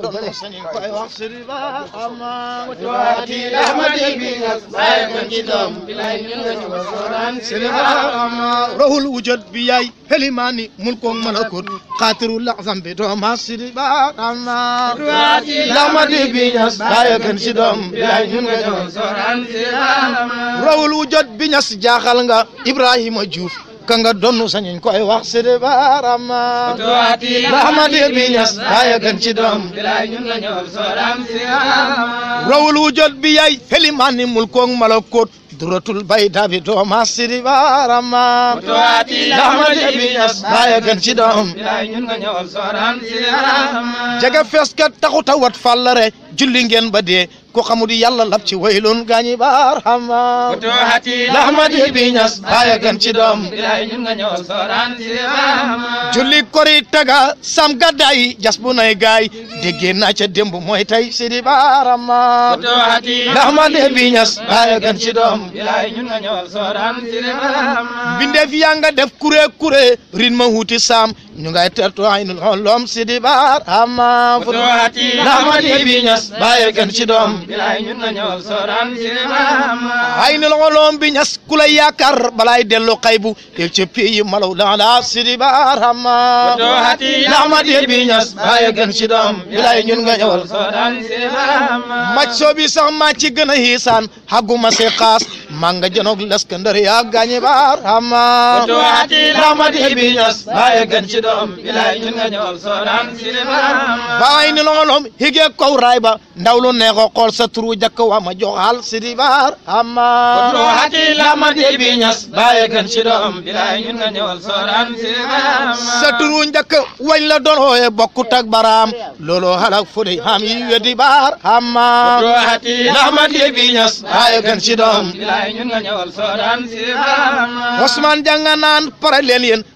روح الوجد بياي هلماني ملكم ملكوت قاتل الأعظم بدوما سيدبا أما رواتي لامدي بيناس باي كن سيدوم بياي نون روح الوجد بيناس جاخال nga Ibrahima Diouf kanga donnu sañuñ koy wax barama dama dir mi ñas aya gën ci doom rawul wu jot bi yay helimaani mulkoog malakut duratul bayda bi dooma sidi barama dama dir mi ñas aya gën ci doom jega fees ka taxuta wat fàllare julli ngeen ba dee ku xamul yàlla lab ci waylun gaañi baar xama futuhati lahmadi bi ñas baaya gën julli kori taga sam gaddaay jas bu nay gaay déggee naa ca démb mooy sidi baarama futuhati lahmadi bi def kuré kuré rin huuti saam ñu ngay tertu ay nul xollom si baar amma futuhati rahmati bi ñas bàyyi kenn ci doom bilay ñun na ñëw soran si baar ay nul ku lay yaakaar balay dellu xaybu di baar amma futuhati rahmati bi bilay ñun nga ñëwal soran si sax maa gën a hiisaan xagguma si xaas manga janoog laskandar yaa gaañe baar amma to ati lamadi bi ñas baye gan ci doom bilay ñun nga ñoom sonan silima baay ni lolom hige kow raay ba ndaw lu neexo xool sa turu jakk wa ma jox hal sidi baar amma to ati lamadi bi ñas baye gan ci doom bilay ñun nga ñool sonan silima sa turu njakk wañ la doon hooye bokku tak baram lolo halak fu dey ham yi weddi baar amma to ati lamadi bi ñas baye gan ci doom bilay Osman janganan nga ñëwal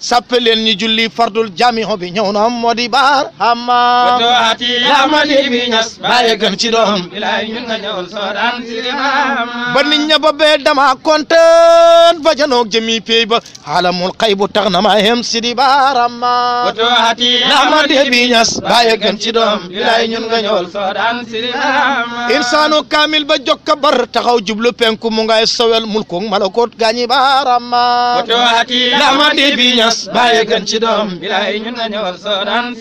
soo daan julli fardul jami hobi ñewna modi bar amma wato hati amali bi ñas baye gam ci doom ilaay ñun nga ñëwal sodan daan sibaama ba jemi dama kontaan ba janoog pey ba alamul qaybu tax ma hem sidi bar amma wato hati amali bi ñas baye gam ci doom ilaay ñun nga ñëwal sodan daan sibaama insaanu kaamil ba jokk bar taxaw jublu penku mu ngay sowel mulkum malakut gañi barama woto hati lamadi bi ñas baye gën ci doom bilay ñun nga ñëwal sodan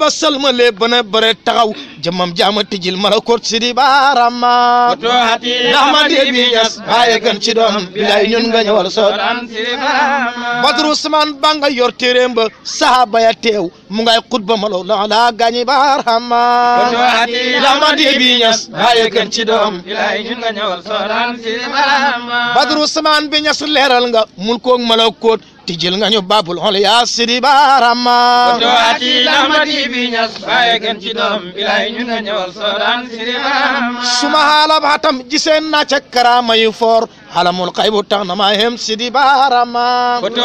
ba salmale bare taxaw jëmam jaama tijil malakut sidi barama woto hati lamadi bi ñas baye gën ci doom bilay ñun nga ñëwal sodan siribam badru usman banga yor téeréem ba sahaba ya teew mu ngay xutba malo la la gañi baar xamma lama di bi ñas haye ci doom ilaay ñun nga ñëwal sooraan si barama badru samaan bi ñas leeral nga di bi ñas haye ci doom ilaay ñun nga ñëwal sooraan sidi barama suma xaalab xatam giseen naa ca karaama yu foor alamul qaybu tax na ma hem sidi barama ko to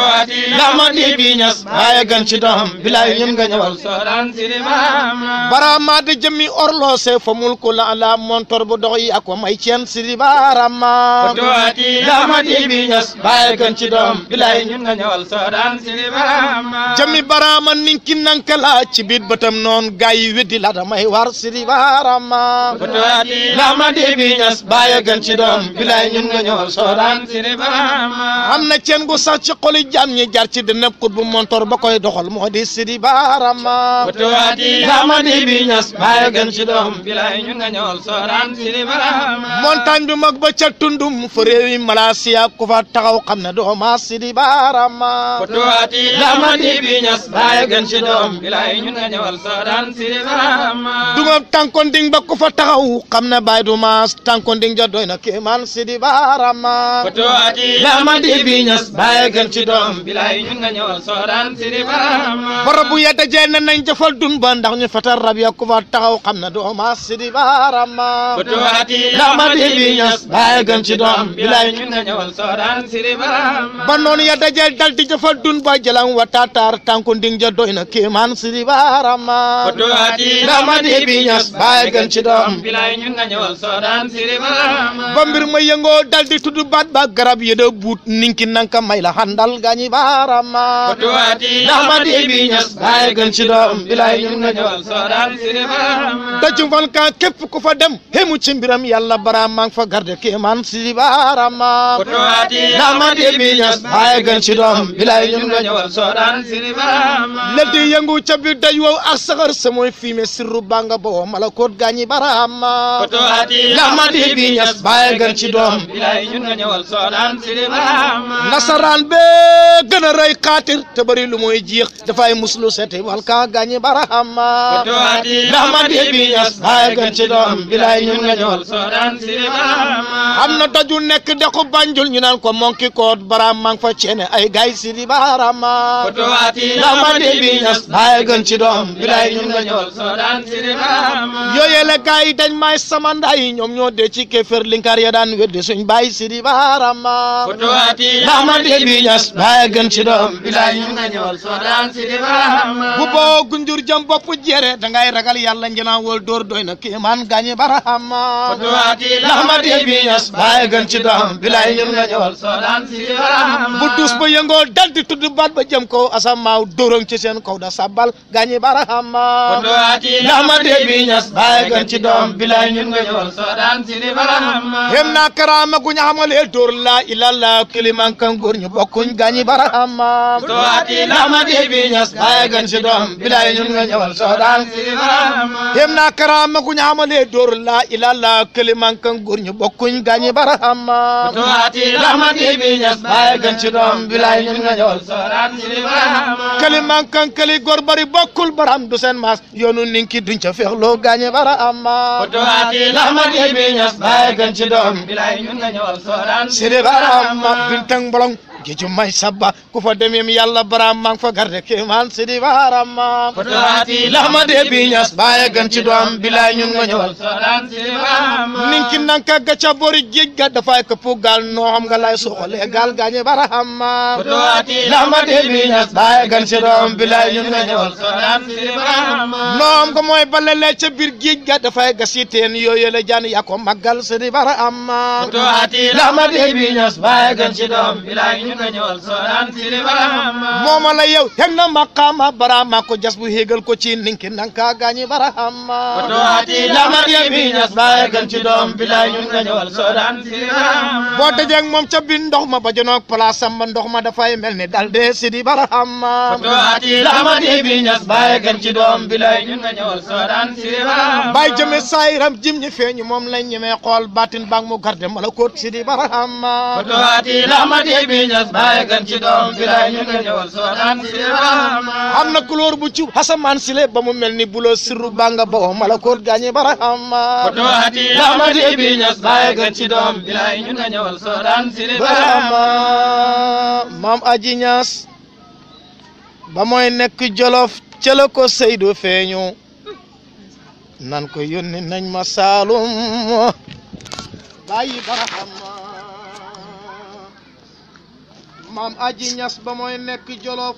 lama di biñas ay gan ci doom bilay ñun nga ñewal soran sidi barama barama de jemi orlo se famul ko la la montor bu dox yi ak ko may cien sidi barama ko to lama di biñas ay gan ci doom bilay ñun nga ñewal soran sidi barama jemi barama ki nankala ci bit batam non gaay weddi la da may war sidi barama ko to lama di biñas ay gan ci doom bilay ñun nga ñewal soraan sini am na ceen gu sax ci xoli jam ñi jar ci de nëb kut bu montor ba koy doxal mo di sidi baaraama kutuwaati ramadi bi ñas baye gën ci doom lay ñu nga ñool soraan sidi baaraama montagne bi mag ba ca tundum fa réewi malasia ku fa taxaw xamne do ma sidi baaraama kutuwaati ramadi bi ñas baye gën ci doom lay ñu nga ñool soraan sidi ma tankon ding ba ku fa taxaw xamne baye du ma tankon ding ja doyna na man sidi barama ma foto aji di bi ñas baye gën ci doom bilay ñun nga ñëwal soran siri barama barabu yata jenn nañ jëfal dun ba ndax ñu fatar rab ya ku fa taxaw xam do ma siri barama foto aji lamadi bi ñas baye gën ci doom bilay ñun nga ñëwal soran siri barama ba noonu ya dajel dal di jëfal dun ba jëlan wa tatar tanku nding ja doy na keman siri barama foto aji lamadi bi ñas baye gën ci doom bilay ñun nga ñëwal soran siri barama ba mbir ma yëngoo dal di sudu bat ba garab de bout ninki nanka may la handal gani barama tuati namadi bi ñas bay gën ci doom bilay ñu nga ñewal soral ci barama da ci fan ka kep ku fa dem hemu ci mbiram yalla barama fa garde ke man ci barama tuati namadi bi ñas bay gën ci doom bilay ñu nga ñewal soral ci barama lati yangu ci bi day wo ak sagar samoy fime sirru banga bo malakot gani barama tuati namadi bi ñas bay gën ci doom bilay nga ñëwal soodaan silimaam nasaraan bee gën a rëy xaatir te bëri lu mooy jiix dafay muslu seti wal ka gaañi barahama ndax man di bi ñas baay gën ci doom bilaay ñun nga na daju nekk dexu banjul ñu naan ko monki koot baraam maa fa ceene ay gaay sidi di bi ñas baay gën ci doom bilaay ñun nga ñëwal soodaan silimaam yooyee la gaay dañ may sama ñoom ñoo dee ci kéfer linkar ya daan wedde suñ baay sidi seydi baarama fotoati Ahmad gën ci doom bilaay ñu nga ñool soo daan gunjur jëm bopp jere da ngay ragal yàlla nginaaw wol door doy na kéemaan gaañi baarama fotoati Ahmad Déby gën ci doom bilaay ñu nga bu dus yango dal di tuddu bat ba jëm kaw maw dorong ci sen kaw da sabal gañi barahama ndax ma de bi ñas bay gën ci bi la ñun nga ñëwal so daan si ni barahama hem na karama gu ñu xamalee dóor laa ilalla kiliman kan gor ñu bokkuñ gañi barahama ndax ma de bi ñas bay gën ci bi la ñun nga ñëwal so daan si ni barahama hem na karama gu ñu xamalee dóor laa ilalla kiliman kan gor ñu bokkuñ gañi barahama ndax ma de bi ñas bay gën ci bi bilaay ñun nga ñool sooraan si li barama këli mankan këli góor bari bokkul baram du seen maas yoonu ninki duñ ca loo gaañe bara amma fotowaati laxmat yi bi ñas bàyyi gën ci doom bilaay ñun nga ñool sooraan si li barama duñ bolong jejum may sabba ko fa demim yalla baram mang fa garde keman sidi waram ma fatati lama de bi ñas baye gan ci do am bilay ñun nga ga dafay ko pugal no am nga lay soxole gal gañe baram ma fatati lama de bi ñas baye gan ga dafay gasiten yoyele jan ya mooma la yow teg na maqaama barama ko jas bu héegal ko ci ninki nanka gaañi barahama lamar yami ñas baaye gën ci doom bilaay ñun nga ñëwal soodaan sidi barahama boo dajeeg moom ca biir ndox ma ba jonoog place am ba ndox ma dafay mel ni dal dee sidi barahama lamar yami ñas baaye gën ci doom bilaay ñun nga ñëwal soodaan sidi barahama bàyyi jëme saayiram jim ñi feeñu moom lañ ñemee xool baatin baag mu garde malakoot sidi barahama Anas bàyyi gan ci doom bi lay ñu nga ñëwal soo daan si couleur bu cub xasamaan sile ba mu mel bulo sirru banga bo malakoot gaañe barahama foto hati lamadi bi ñas bàyyi gan ci doom bi lay ñu nga ñëwal soo daan si barahama aji ñas ba mooy nekk jolof ca la ko seydu feeñu nan ko yónni nañ ma saalum bàyyi barahama maam aji ñas ba mooy nekk jolof